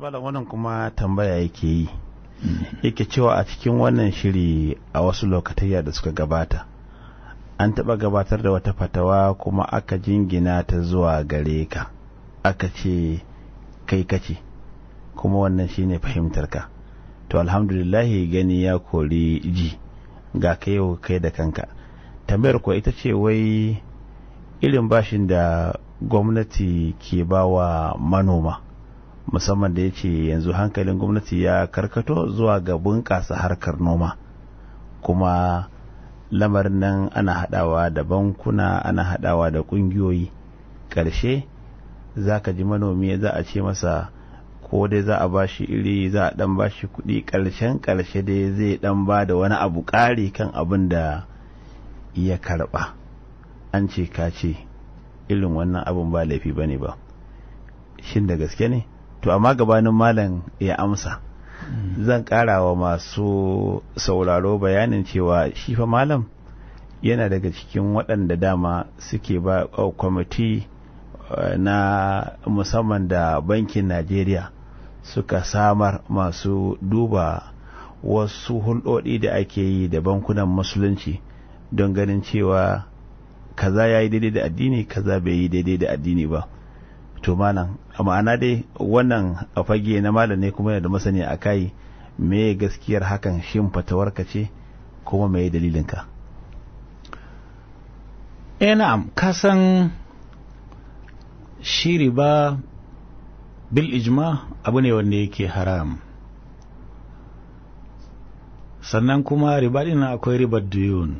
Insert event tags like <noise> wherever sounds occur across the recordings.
malam wannan kuma tambaya yake yi yake cewa a cikin wannan shiri a wasu lokatayya da suka gabata an taɓa gabatar da wata fatawa kuma aka jingina ta zuwa gare ka aka ce kai kace kuma wannan shine ka to alhamdulillah gani ya kori ji ga kai kai da kanka tambayar ko ita ce wai irin bashin da gwamnati ke bawa wa manoma musamman da ya ce yanzu hankalin gwamnati ya karkato zuwa ga bunƙasa harkar noma kuma lamarin nan ana haɗawa da bankuna ana haɗawa da ƙungiyoyi ƙarshe za ka ji manomi za a ce masa ko dai za a ba shi iri za a ɗan ba shi kuɗi ƙarshen ƙarshe dai zai ɗan ba da wani abu ƙari kan abin da ya karɓa an ce ka ce irin wannan abin ba laifi ba ne ba shin da gaske ne to amma gabanin malam ya amsa hmm. zan kara wa masu sauraro bayanin cewa shi fa malam yana daga cikin waɗanda dama suke ba kwamiti na musamman da bankin najeriya suka samar masu duba wasu hulɗoɗi da ake yi da bankunan musulunci don ganin cewa kaza ya yi daidai da addini kaza bai yi daidai da addini ba to mana ma'ana dai wannan fage na malam ne kuma yadda da masani a kai me gaskiyar hakan shin fatawarka ce kuma me dalilinka eh na'am kasan san shi riba bil ijma abu ne wanda yake haram sannan kuma riba din akwai ribar duyun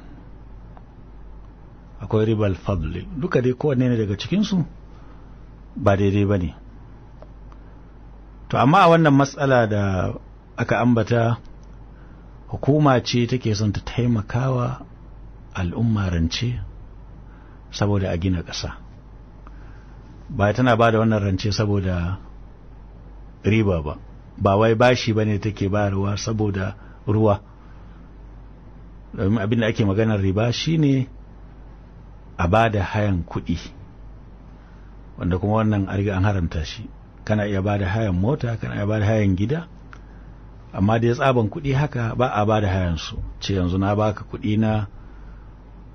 akwai ribar fadli duka dai kowanne ne daga cikinsu ba daidai ba ne to amma a wannan matsala da aka ambata hukuma ce take son ta taimakawa al'umma rance saboda a gina ƙasa ba tana ba da wannan rance saboda riba ba ba wai bashi ba ne take bayarwa saboda ruwa domin abin da ake maganar riba shine a ba da hayan kuɗi wanda kuma wannan an riga an haramta shi kana iya ba da hayan mota kana iya ba da hayan gida amma dai tsaban kuɗi haka ba a ba da hayan su ce yanzu na baka kuɗi na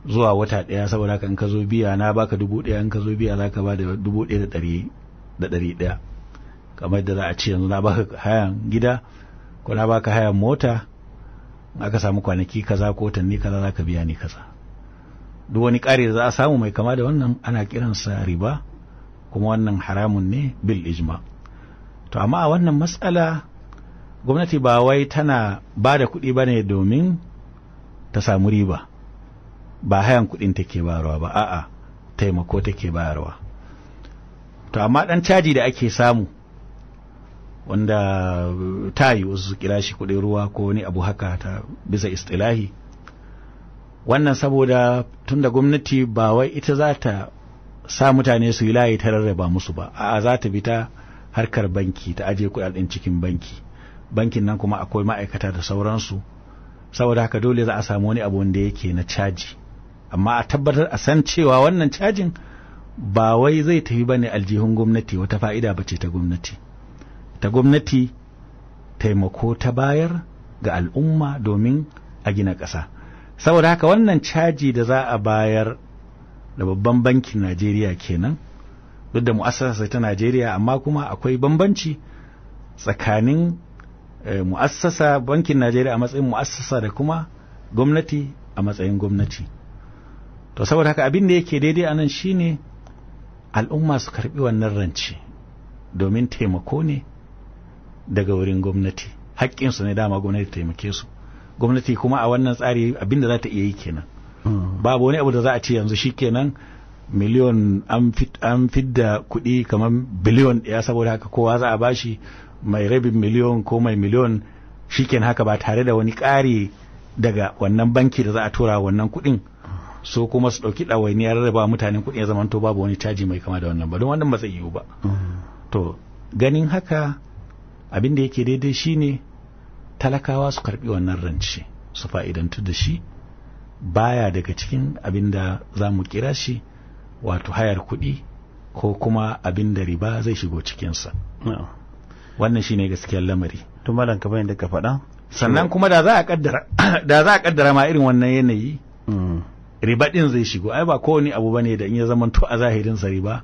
zuwa wata ɗaya saboda haka in ka zo biya na baka dubu ɗaya in ka zo biya za ka ba dubu ɗaya da ɗari da ɗari ɗaya kamar da za a ce yanzu na baka hayan gida ko na baka hayan mota aka samu kwanaki kaza ko watanni kaza za ka biya ni kaza duk wani kare da za a samu mai kama da wannan ana kiransa riba kuma wannan haramun ne bil ijma to amma a wannan matsala gwamnati ba wai tana ba da kuɗi ba ne domin ta samu riba ba hayan kuɗin take bayarwa ba a'a taimako take bayarwa to amma ɗan caji da ake samu wanda ta yi wasu su kira shi kuɗin ruwa ko wani abu haka ta bisa istilahi wannan saboda tunda gwamnati ba wai ita za ta sa mutane su yi layi ta rarraba musu ba a za ta bi ta harkar banki ta aje kudaden cikin banki bankin nan kuma akwai ma'aikata da sauransu saboda haka dole za a samu wani abu wanda yake na caji amma a tabbatar a san cewa wannan cajin ba wai zai tafi bane aljihun gwamnati wata fa'ida ba ce ta gwamnati ta gwamnati taimako ta bayar ga al'umma domin a gina ƙasa saboda haka wannan caji da za a bayar da babban bankin najeriya kenan duk da mu'assasa ta najeriya amma kuma akwai bambanci tsakanin eh, mu'assasa bankin najeriya a matsayin mu'assasa da kuma gwamnati a matsayin gwamnati to saboda haka abin da yake daidai anan shine al'umma su karbi wannan rance domin taimako ne daga wurin gwamnati haƙƙinsu ne dama gwamnati taimake su gwamnati kuma a wannan tsari abin da za ta iya yi kenan babu wani abu da za a ce yanzu shikenan miliyon an fidda kuɗi kamar biliyon Ya saboda haka kowa za a bashi mai rabin miliyon ko mai miliyon shiken haka ba tare da wani ƙari daga wannan banki da za a tura wannan kuɗin so kuma su ɗauki ɗawainiyar rarraba mutanen kuɗi ya zamanto babu wani caji mai kama da wannan ba don wannan ba zai yiwu ba to ganin haka abin da yake daidai shine talakawa su karbi wannan rance su fa'idantu da shi baya daga cikin abin da za mu kira shi wato hayar kuɗi ko kuma abin da riba zai shigo cikinsa wannan shi ne gaskiyar lamari tun ka kamar yadda ka faɗa sannan kuma da za a kaddara <coughs> ma irin wannan yanayi mm. riba din zai shigo ai ba kowane abu bane da in ya zamanto a zahirin sa riba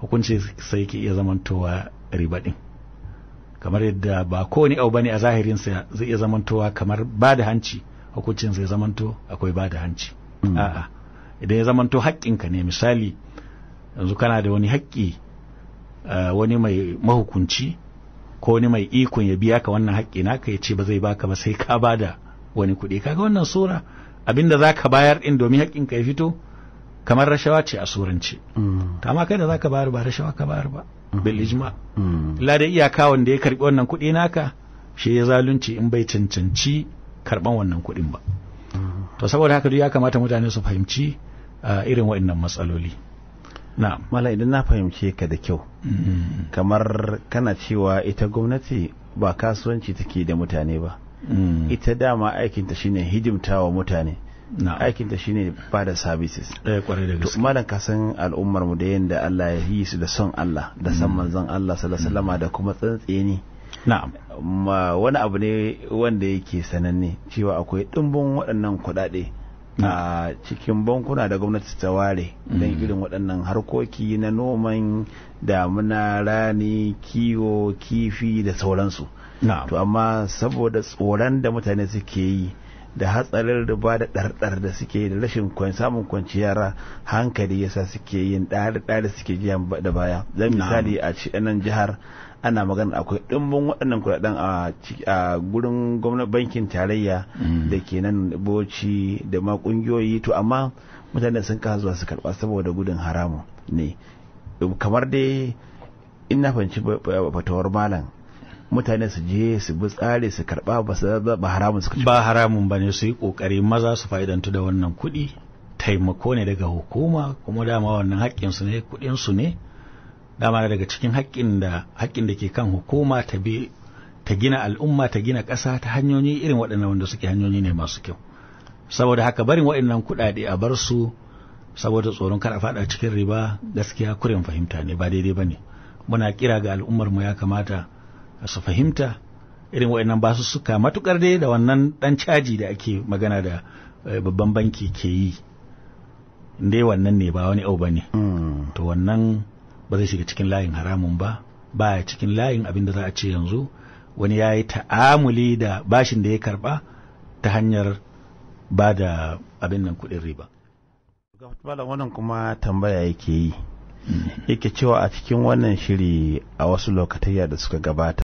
hukunci sai ke iya zamantowa riba din kamar yadda ba kowane abu bane a zahirin sa zai iya zamantowa kamar ba da hanci hukuncin zai zamanto akwai ba da hanci hmm. a'a idan ya zamanto haƙƙinka ne misali yanzu kana da wani haƙƙi eh, wani mai mahukunci ko wani mai ikon ya biya ka wannan haƙƙi naka ya ce ba zai baka ba sai ka ba da wani kuɗi kaga wannan sura abinda za ka bayar ɗin domin haƙƙinka ya fito kamar rashawa ce a surance ta hmm. ma kai da za ka bayar ba rashawa ka bayar ba hmm. bil ijma da iyaka wanda ya karɓi wannan kuɗi naka shi ya zalunci in bai cancanci karban wannan kuɗin ba to saboda haka duk ya kamata mutane su fahimci ah, irin waɗannan matsaloli na mala idan na fahimce ka da kyau mm-hmm. kamar kana cewa ita gwamnati ba kasuwanci take da mutane ba mm. ita dama aikinta shine hidimta wa mutane aikinta shine ba da services eh, malam ka san al'ummar mu da yadda Allah ya yi su da son Allah da san mm. manzon Allah sallallahu alaihi da kuma tsantseni na'am wani abu ne wanda yake sananne cewa akwai ɗimbin waɗannan kuɗaɗe a cikin bankuna da gwamnati ta ware don mm. irin waɗannan harkoki na noman damuna rani kiwo kifi da sauransu to amma saboda tsoron da mutane suke yi da hatsarin riba da ɗarɗar da suke yi da rashin samun kwanciyar hankali yasa suke yin ɗari-ɗari suke jiya da baya zan misali a nan jihar ana magana akwai dimbin waɗannan kuɗaɗen a gurin gwamnati bankin tarayya mm. da ke nan boci da ma ƙungiyoyi to amma mutane sun kasa zuwa su karɓa saboda gudun haramu ne kamar dai in na fahimci fatawar malam mutane su je su bi tsari su karɓa ba su ba haramun su ba haramun ba ne su yi ƙoƙari maza su fa'idantu da wannan kuɗi taimako ne daga hukuma kuma dama wannan haƙƙinsu ne kuɗinsu ne dama daga cikin haƙƙin da ke kan hukuma ta bi ta gina al'umma ta gina ƙasa ta hanyoyi irin waɗannan wanda suke hanyoyi ne masu kyau saboda haka barin waɗannan kuɗaɗe a bar su saboda tsoron kar a faɗa cikin riba gaskiya kuren fahimta ne ba daidai ba ne muna kira ga al'ummar mu ya kamata su fahimta irin waɗannan ba su suka matukar dai da wannan ɗan caji da ake magana da eh, babban banki ke yi dai wannan ne ba wani abu ba ne hmm. to wannan ba zai shiga cikin layin haramun ba ba ya cikin layin abin da za a ce yanzu wani ya yi ta'amuli da bashin da ya karba ta hanyar ba da abin nan kuɗin riba. Malam wannan kuma tambaya yake yi, hmm. yake cewa a cikin wannan shiri a wasu lokatayya da suka gabata